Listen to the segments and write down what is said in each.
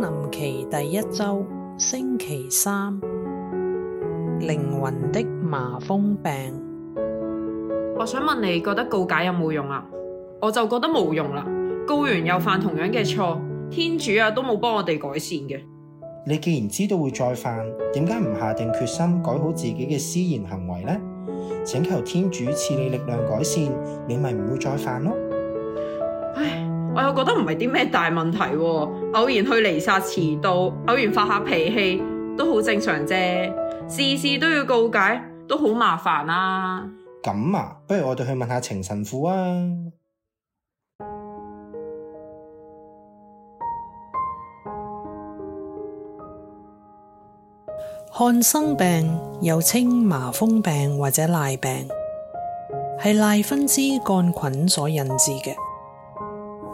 臨期第一周，星期三，靈魂的麻風病。我想問你，覺得告解有冇用啊？我就覺得冇用啦，告完又犯同樣嘅錯，天主啊都冇幫我哋改善嘅。你既然知道會再犯，點解唔下定決心改好自己嘅思言行為呢？請求天主賜你力，力量改善，你咪唔會再犯咯。唉，我又覺得唔係啲咩大問題啊。偶然去彌撒遲到，偶然發下脾氣都好正常啫。事事都要告解都好麻煩啊。咁啊，不如我哋去問下程神父啊。漢生病又稱麻風病或者癩病，係癩分枝桿菌所引致嘅。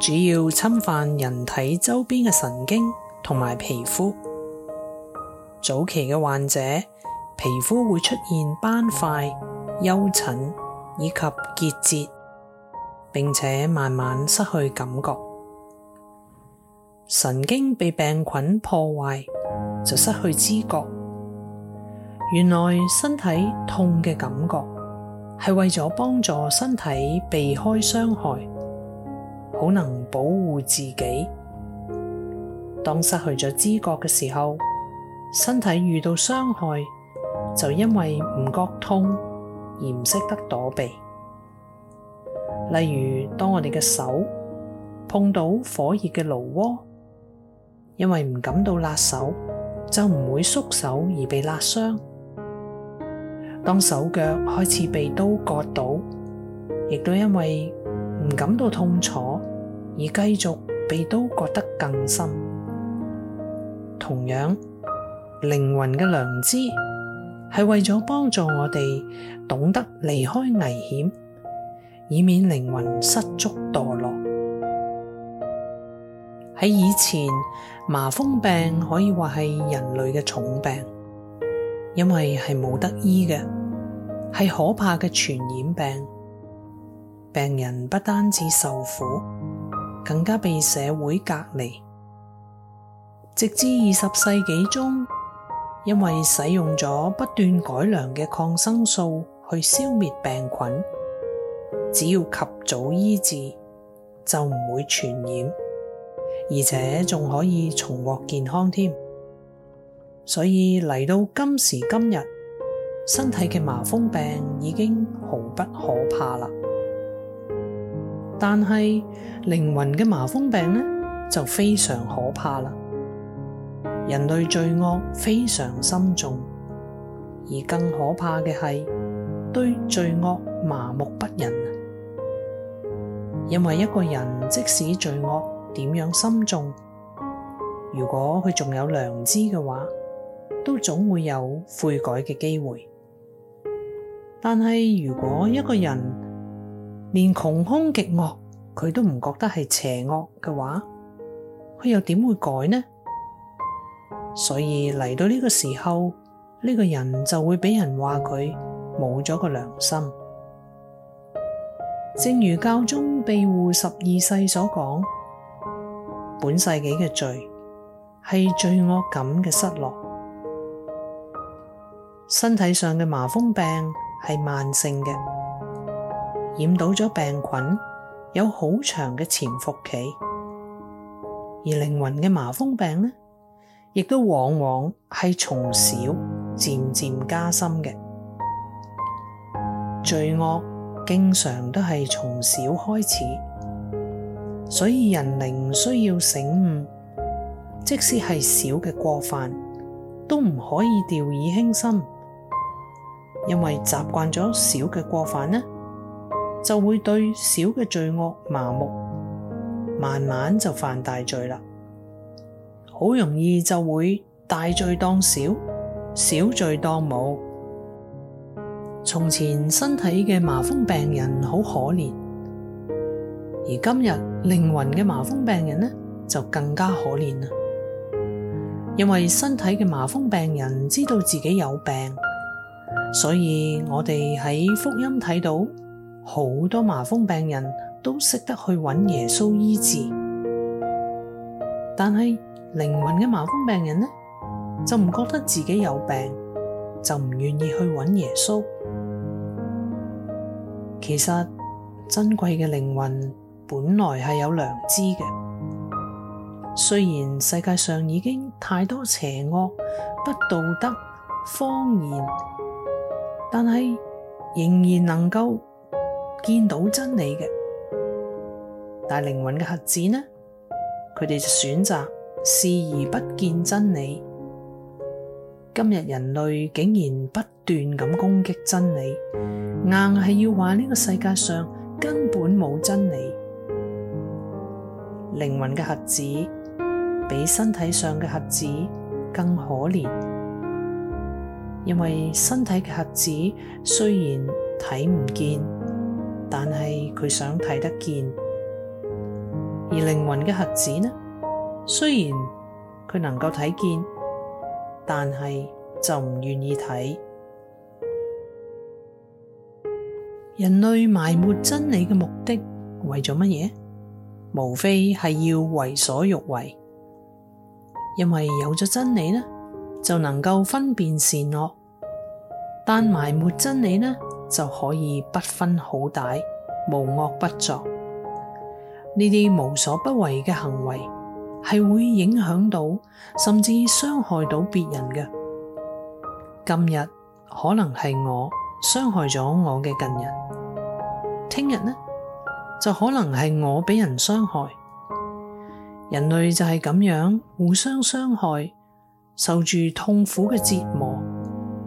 主要侵犯人體周邊嘅神經同埋皮膚，早期嘅患者皮膚會出現斑塊、丘疹以及結節，並且慢慢失去感覺。神經被病菌破壞，就失去知覺。原來身體痛嘅感覺係為咗幫助身體避開傷害。好能保護自己。當失去咗知覺嘅時候，身體遇到傷害，就因為唔覺痛而唔識得躲避。例如，當我哋嘅手碰到火熱嘅爐鍋，因為唔感到辣手，就唔會縮手而被辣傷。當手腳開始被刀割到，亦都因為唔感到痛楚。而繼續被刀割得更深。同樣，靈魂嘅良知係為咗幫助我哋懂得離開危險，以免靈魂失足墮落。喺以前，麻風病可以話係人類嘅重病，因為係冇得醫嘅，係可怕嘅傳染病，病人不單止受苦。更加被社會隔離，直至二十世紀中，因為使用咗不斷改良嘅抗生素去消滅病菌，只要及早醫治就唔會傳染，而且仲可以重獲健康添。所以嚟到今時今日，身體嘅麻風病已經毫不可怕啦。但係靈魂嘅麻風病呢，就非常可怕啦。人類罪惡非常深重，而更可怕嘅係對罪惡麻木不仁。因為一個人即使罪惡點樣深重，如果佢仲有良知嘅話，都總會有悔改嘅機會。但係如果一個人，連窮凶極惡，佢都唔覺得係邪惡嘅話，佢又點會改呢？所以嚟到呢個時候，呢、這個人就會俾人話佢冇咗個良心。正如教宗庇護十二世所講，本世紀嘅罪係罪惡感嘅失落。身體上嘅麻風病係慢性嘅。染到咗病菌，有好長嘅潛伏期；而靈魂嘅麻風病呢，亦都往往係從小漸漸加深嘅。罪惡經常都係從小開始，所以人靈需要醒寤，即使係小嘅過犯，都唔可以掉以輕心，因為習慣咗小嘅過犯呢。就會對小嘅罪惡麻木，慢慢就犯大罪啦。好容易就會大罪當小，小罪當冇。從前身體嘅麻風病人好可憐，而今日靈魂嘅麻風病人呢，就更加可憐啦。因為身體嘅麻風病人知道自己有病，所以我哋喺福音睇到。好多麻風病人都識得去揾耶穌醫治，但係靈魂嘅麻風病人呢，就唔覺得自己有病，就唔願意去揾耶穌。其實珍貴嘅靈魂本來係有良知嘅，雖然世界上已經太多邪惡、不道德、謊言，但係仍然能夠。見到真理嘅，但係靈魂嘅瞎子呢？佢哋就選擇視而不見真理。今日人類竟然不斷咁攻擊真理，硬係要話呢個世界上根本冇真理。嗯、靈魂嘅瞎子比身體上嘅瞎子更可憐，因為身體嘅瞎子雖然睇唔見。但係佢想睇得見，而靈魂嘅瞎子呢？雖然佢能夠睇見，但係就唔願意睇。人類埋沒真理嘅目的，為咗乜嘢？無非係要為所欲為，因為有咗真理呢，就能夠分辨善惡，但埋沒真理呢？就可以不分好歹、無惡不作。呢啲無所不為嘅行為，係會影響到甚至傷害到別人嘅。今日可能係我傷害咗我嘅近人，聽日呢就可能係我俾人傷害。人類就係咁樣互相傷害，受住痛苦嘅折磨，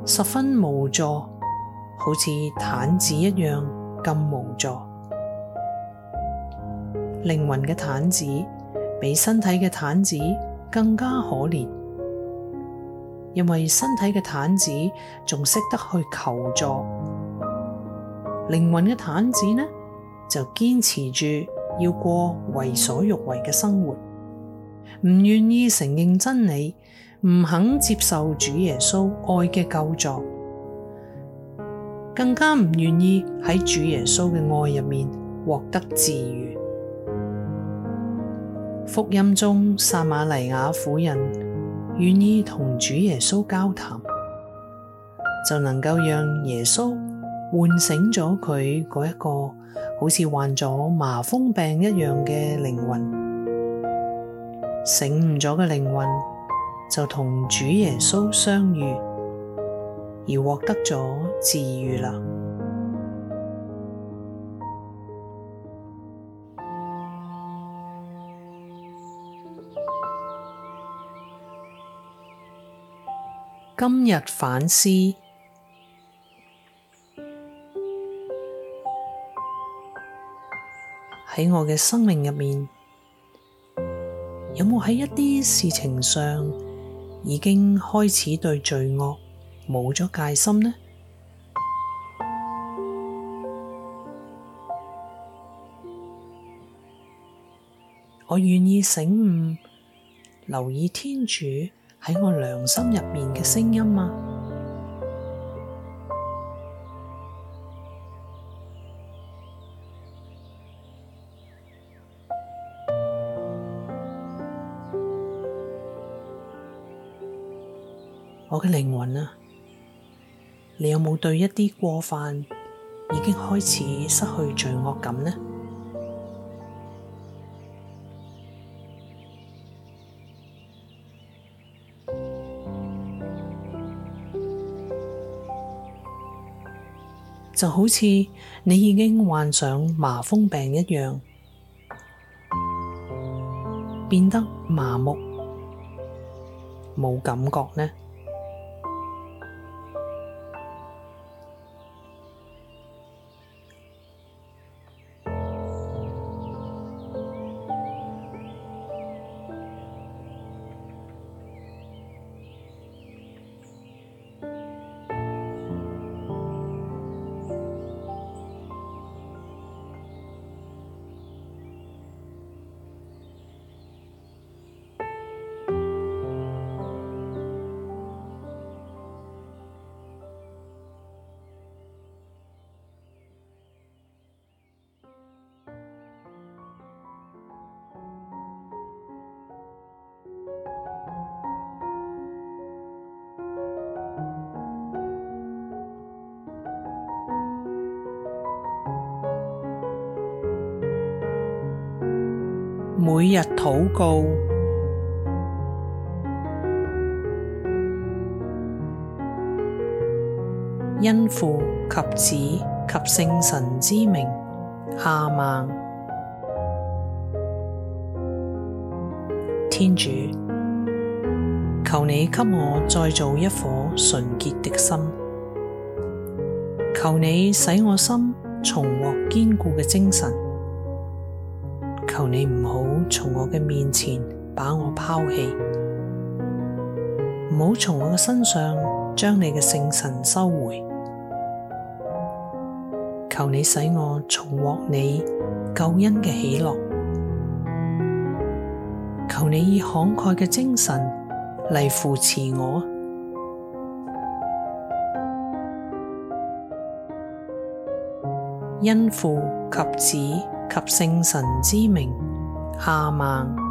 十分無助。好似癱子一樣咁無助，靈魂嘅癱子比身體嘅癱子更加可憐，因為身體嘅癱子仲識得去求助，靈魂嘅癱子呢就堅持住要過為所欲為嘅生活，唔願意承認真理，唔肯接受主耶穌愛嘅救助。更加唔願意喺主耶穌嘅愛入面獲得治癒。福音中，撒瑪黎雅婦人願意同主耶穌交談，就能夠讓耶穌喚醒咗佢嗰一個好似患咗麻風病一樣嘅靈魂，醒悟咗嘅靈魂就同主耶穌相遇。而獲得咗治愈啦。今日反思，喺我嘅生命入面，有冇喺一啲事情上已經開始對罪惡冇咗戒心呢？我願意醒寤，留意天主喺我良心入面嘅聲音嗎、啊？我嘅靈魂啊！你有冇對一啲過犯已經開始失去罪惡感呢？就好似你已經患上麻風病一樣，變得麻木，冇感覺呢？每日禱告，因父及子及聖神之名，亞孟。天主，求你給我再造一顆純潔的心，求你使我心重獲堅固嘅精神。求你唔好從我嘅面前把我拋棄，唔好從我嘅身上將你嘅聖神收回。求你使我重獲你救恩嘅喜樂。求你以慷慨嘅精神嚟扶持我，因父及子。及聖神之名，阿曼。